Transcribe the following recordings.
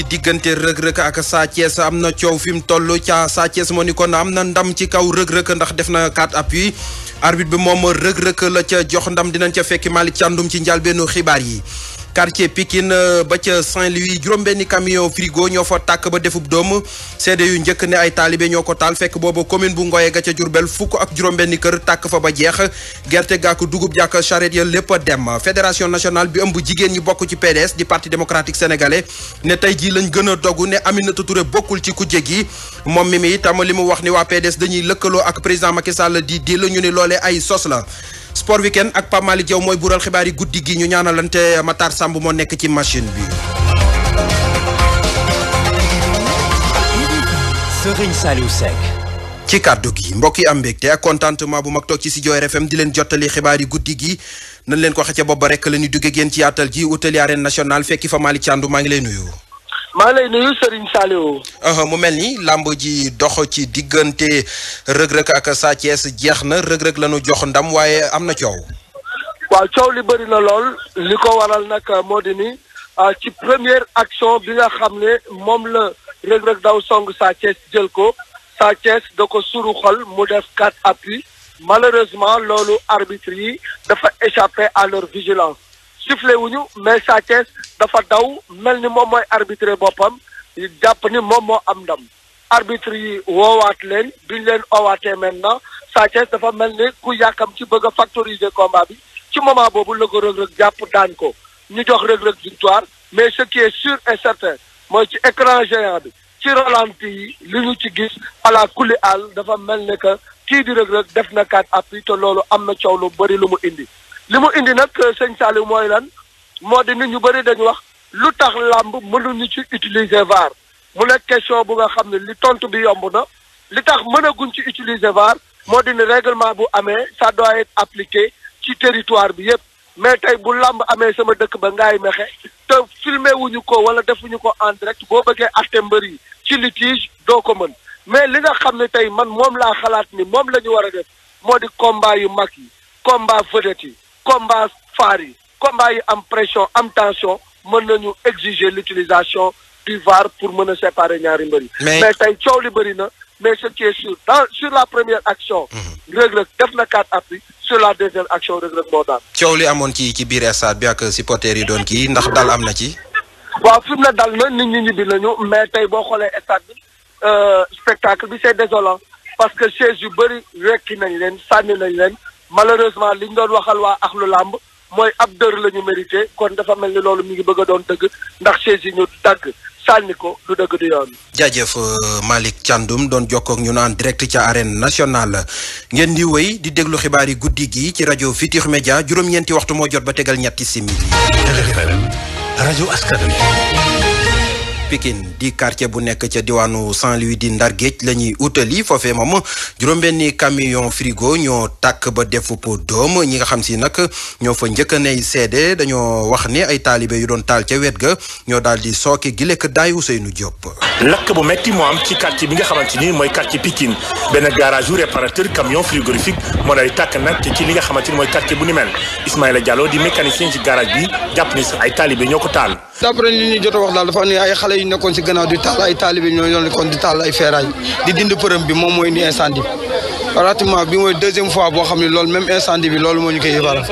ci diggante rëg-rëg ak Sa Thiès am na coow fi mu toll ca Sa Thiès moo ni kon am na ndam ci kaw rëg-rëg ndax def na quatre appui arbitre bi moom rëg-rëg la ca jox ndam dinañ ca fekki Malick Thiandoum ci njàlbeenu xibaar yi quartier Pikine euh, ba ca Saint-Louis juróom-benni camion frigo ñoo fa tàkk ba defub doom seede yu njëkk ne ay taalibe ñoo ko taal fekk boobu commune bu Ngoye ga ca Diourbel fukk ak juróom-benni kër tàkk fa ba jeex gerte gàkk dugub jàkk charrette ya lépp a dem fédération nationale bi ëmb jigéen ñi bokk ci PDS di parti démocratique sénégalais ne tey jii lañ gën a dogu ne Aminata Touré bokkul ci ku jéggi moom mi mi itam li mu wax ni waa PDS dañuy lëkkaloo ak président Macky Sall di di la ñu ne loolee ay sos la sport weekend ak Pape Malick mooy bural xibaar yi guddi gi ñu ñaanalante Matar Samb moo nekk ci machine bi. Serigne Saliou Seck. ci kàddu gi mbokk yi am mbégte ak contentement bu mag toog ci studio RFM di leen jottali xibaar yi guddi gi nañ leen ko xëcc bopp ba rek la ñuy duggee génn ci yaatal ji utali arène nationale fekki fa Malick Thiandou maa ngi lay nuyu. maa ngi lay nuyu Serigne Saliou. Ah, mu mel ni làmb ji dox ci diggante rëg-rëg ak Sa jeex na rëg-rëg la jox ndam waaye am na coow. waaw coow li bëri na lool li ko waral nag moo di ni ah, ci première action bi nga xam ne moom la rëg-rëg daw song Sa jël ko Sa Thiès da ko suru xol mu def quatre appuis malheureusement loolu arbitre yi dafa échappé à leur vigilance. sifflé wuñu mais Sa Thiès dafa daw mel ni moom mooy arbitré boppam jàpp ni moom moo am ndam arbitre yi wowaat leen biñ leen oowaatee maintenant Sa dafa mel ni ku yàkkam ci bëgg a factoriser combat bi ci moment boobu la ko Reug Reug jàpp daan ko ñu jox Reug Reug victoire mais ce qui est sûr et certain mooy ci écran géant bi ci ralenti yi li ñu ci gis ala kulli àll dafa mel ni que kii di Reug Reug def na kaat appui te loolu am na coow lu bëri lu mu indi li mu indi nag euh, sëñ Saliou mooy lan moo di nit ñu bëri dañu wax lu tax làmb mënuñu ci utiliser VAR mu nekk question bu nga xam ne li tontu bi yomb na li tax mënaguñ ci utiliser VAR moo di ne règlement bu amee ça doit être ci territoire bi yépp mais tey bu làmb amee sama dëkk ba ngaay mexe te filmé wuñu ko wala defuñu ko en direct boo bëggee atte mbër yi ci litige doo ko mën mais li nga xam ne tey man moom laa xalaat ni moom la ñu war a def moo di combat yu mag yi combat vedette yi combat phare yi combat yi am pression am tension mën nañu exiger l'utilisation du VAR pour mën a séparer ñaari mbër yi mais tey coow li bëri na mais ce qui dans sur la première action. Mhm. Reug Reug def na quatre appui sur la deuxième action Reug Reug moo daan. coow li amoon ci ci biir stade bi ak supporters yi doon kii ndax dal am na ci. waaw fi mu ne dal na nit ñi ñibbi nañu mais tey boo xoolee stade bi euh, spectacle bi c'est désolant parce que chaise yu bëri rekki nañ leen sànni nañ leen. malheureusement liñ doon waxal waa axlu làmb mooy ab dër la ñu mérité kon dafa mel ni loolu mi ngi bëgg doon dëgg ndax chaise ñu dagg sànni ko du dëgg du yoon. jaajëf euh, Malick Thiandoum doon jokkoo ñu naan direct ca arène nationale ngeen di wéy di déglu xibaar yi guddi gi ci rajo Futurs Médias juróom-ñeenti waxtu moo jot ba tegal ñetti simili. rajo askan wi Pikine di quartier bu nekk ca diwaanu Saint-Louis di Ndar Géej la ñuy utali foofee moom juróom-benni camion frigo ñoo tàkk ba defu po doom ñi nga xam si nag ñoo fa njëkk nay seede dañoo wax ni ay taalibe yu doon taal ca wet ga ñoo daal di sooke gi lekk daay Ousseynou Diop. lakk bu metti moo am ci quartier bi nga xamante ni mooy quartier Pikine benn garage yu réparateur camion frigorifique moo day tàkk nag li nga xamante ni mooy quartier bu ni mel Ismaïla Diallo di mécanicien ci garage bi jàpp ni ay taalibe ñoo ko taal. d'après li ñu a wax daal dafa am ne ay boo xam ne loolu même incendie bi loolu moo ñu koy yëbal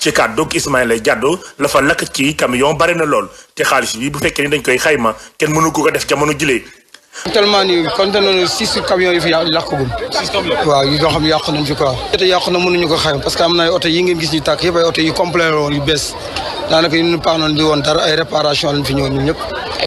ci kàddu Ismaïla Diallo la fa lakk ci camion bari na lool te xaalis bi bu fekkee ni dañ koy xayma kenn mënu ko ko def jamono jilee fi yàqagum. nañ fi xayma parce que am na ay yi ngeen gis ñu tàkk yëpp ay oto yu complet bees daanaka ñun paax noonu di woon dara ay réparation lañ fi ñëwoon ñun ñëpp.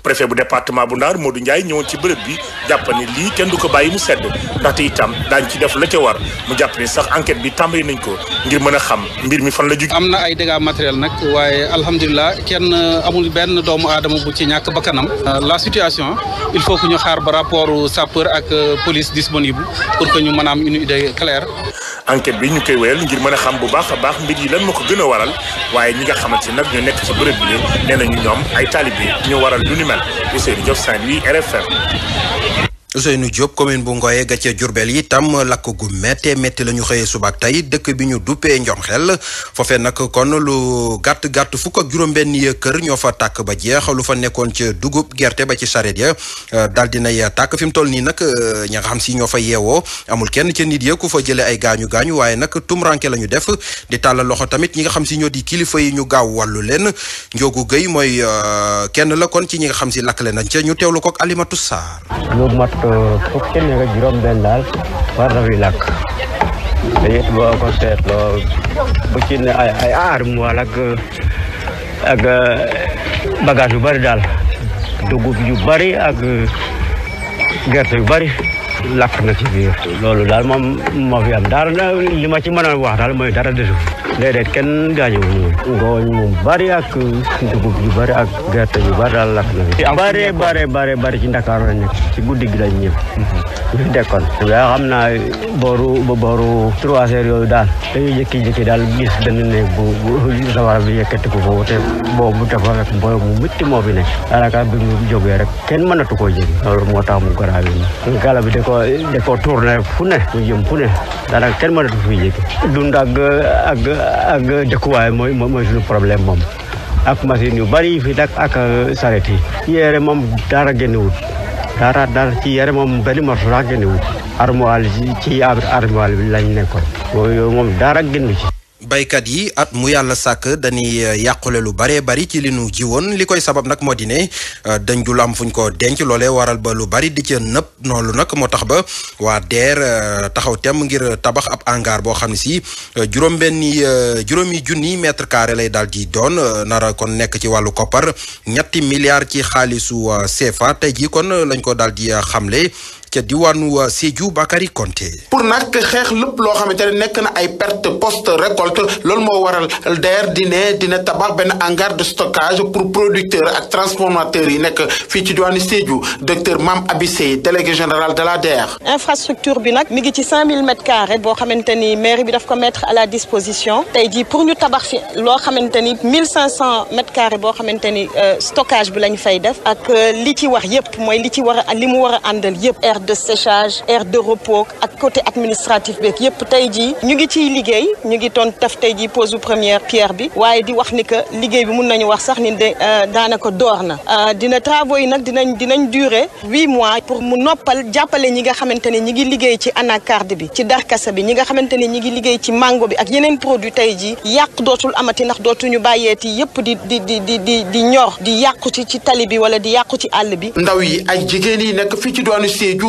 préfet bu département bu moo du Ndiaye ñëwoon ci bërëb bi jàpp lii kenn du ko bàyyi mu sedd ndaxte itam daañ ci def la ca war mu jàpp ne sax enquête bi tàmbayi nañ ko ngir mën a xam mbir mi fan la jóg. am na ay dégâts matériels nag waaye alhamdulilah kenn amul benn doomu aadama bu ci ñàkk bakkanam euh, la situation il faut que ñu xaar ba rapport sapeur ak euh, police disponible pour que ñu mën a am une idée claire. enquête bi ñu koy wéyal ngir mën a xam bu baax a baax mbir yi lan moo ko gën a waral waaye ñi nga xamante nag ñu nekk ci bërëb bi nee nañu ñoom ay taalibe ñu waral lu ni mel Ousseynou Diop Saint-Louis RFM Ousseynou Diop commune bu Ngoye ga ca Diourbel yi tam lakk gu méttee la ñu xëyee subaak tey dëkk bi ñu duppee njom xel foofee nag kon lu gàtt gàtt fukk ak juróom kër ñoo fa tàkk ba jeex lu fa nekkoon ca dugub gerte ba ci sareet ya euh, daal dinay tàkk fi mu toll nii nag euh, ña nga xam si ñoo fa yeewoo amul kenn ca nit ya ku fa jëlee ay gaañu gaañu waaye nag tumranke la ñu def di tàllal loxo tamit ñi nga xam si ñoo di kilifa yi ñu gaaw wàllu leen njoogu gëy mooy euh, kenn la kon ci ñi nga xam si lakk leen nañ ca ñu teewlu kook Alimatu Saar fukki néeg ak juróom ay ay armoire ak ak bagage yu bari daal dugub yu bari ak gerte yu bari lakk na ci biir loolu daal moom moo fi am dara li ma ci man a wax daal mooy dara desu déedéet kenn gaañuwul ngooñ mu bari ak dugub yu bari ak gerte yu bari daal lakk na fi bari bari bari bari ci Ndakaaru la ci guddi gi lañ ñëw mhm. ñu dekkoon yaa xam naa booru ba booru yooyu daal dañuy jékki-jékki daal gis benn néeg bu bu sawara bi yëkkati ko foofu te boobu dafa rek mboyo mu métti moo fi nekk daanaka bi mu jógee rek kenn mënatu koo jël loolu moo tax mu garaaw yi gala bi ko da ko tourné fu ne mu jëm fu ne kenn mënatu fi jege dund ak ak ak dëkkuwaay mooy moo suñu problème moom ak machine yu bari fi nag ak saret yi yére moom dara génnewut dara dara ci yére moom benn morceau laa génnewut armoire ci armoire bi lañ nekkoon yooyu moom dara génnu ci baykat yi at mu yàlla sàkk dañuy eh, yàqule lu baree bari ci li nu jiwoon li koy sabab nag moo di ne eh, dañ dul fu ñu ko denc loole waral ba lu bari di ca nëpp noonu nag moo tax ba waa DER eh, taxaw tem ngir tabax ab hangar boo xam ne si juróom-benni juróomi junni mètre carré lay daal di doon nara kon nekk ci wàllu koppar ñetti milliards ci xaalisu CFA tey jii kon lañ ko daal di xamle. ca diwaanu euh, Sédhiou Bakary Konté. pour nag xeex lëpp loo xamante ne nekk na ay perte post récolte loolu moo waral DER dina dina tabax benn hangar de stockage pour producteurs ak transformateurs yi nekk fii ci diwaanu Sédhiou docteur maam Abissé délégué général de la DER. infrastructure bi nag mi ngi ci 5000 mètres carrés boo xamante ni mairie bi daf ko mettre à la disposition tey jii pour ñu tabax fi loo xamante ni 1500 mètres carrés boo xamante ni euh, stockage bi lañ fay def ak euh, li ci wax yëpp mooy li ci war a li mu war a àndal yëpp de séchage aire de repos ak côté administratif beeg yëpp tey jii ñu ngi ciy liggéey ñu ngi doon def tey jii pose première pierre bi waaye di wax ni que liggéey bi mun nañu wax sax ni de euh, daanaka door na euh, dina travaux yi nag dinañ dinañ durer huit mois pour mu noppal jàppale ñi nga xamante ne ñi ngi liggéey ci anacarde bi ci darkasa bi ñi nga xamante ne ñi ngi liggéey ci mango bi ak yeneen produit tey jii yàq dootul amati ndax dootuñu bàyyeeti yëpp di di di di di di ñor di yàqu ci tali bi wala di yàqu ci àll bi ndaw yi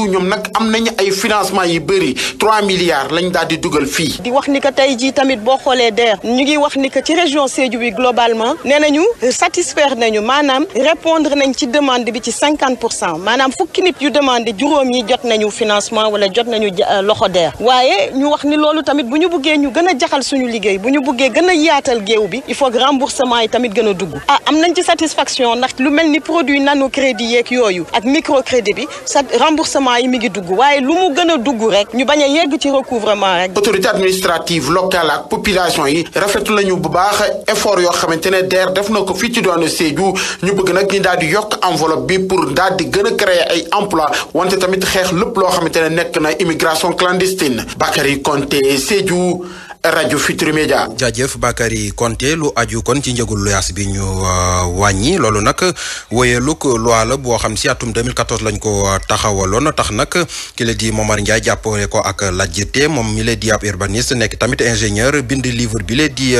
ñëw ñoom nag am nañu ay financement yi bëri 3 milliards lañ daal di dugal fii. di wax ni que tey jii tamit boo xoolee DER ñu ngi wax ni que ci région Sédhiou bi globalement nee nañu satisfaire nañu maanaam répondre nañ ci demande bi ci 50 pour cent maanaam fukki nit yu demande juróom yi jot nañu financement wala jot nañu euh, loxo deer waaye ñu wax ni loolu tamit bu ñu buggee ñu gën a jaxal suñu liggéey bu ñu buggee gën a yaatal géew bi il faut que remboursement yi tamit gën a dugg ah am nañ ci satisfaction ndax lu mel ni produit nano crédit yeeg yooyu ak micro crédit bi recouvrement yi mi ngi dugg waaye lu mu gën a dugg rek ñu bañ a yegg ci recouvrement rek. autorité administrative locale ak population yi rafetu lañu bu baax effort yoo xamante ne DER def na ko fii ci doon Sédhiou ñu bugg nag ñu daal di yokk enveloppe bi pour daal di gën a créer ay emploi wante tamit xeex lépp loo xamante ne nekk na immigration clandestine Bakary Konté Sédhiou. rajo Futurs Médias. jaajëf Bakary Konte lu aju kon ci njëgul luyaas bi ñu euh, wàññi loolu nag wóyeelug loi la boo xam si atum 2014 lañ ko euh, taxawaloon tax nag ki la di Momar Ndiaye jàppale ko ak lajjite moom mi la di ab urbaniste nekk tamit ingénieur bind livre bi la di. Euh,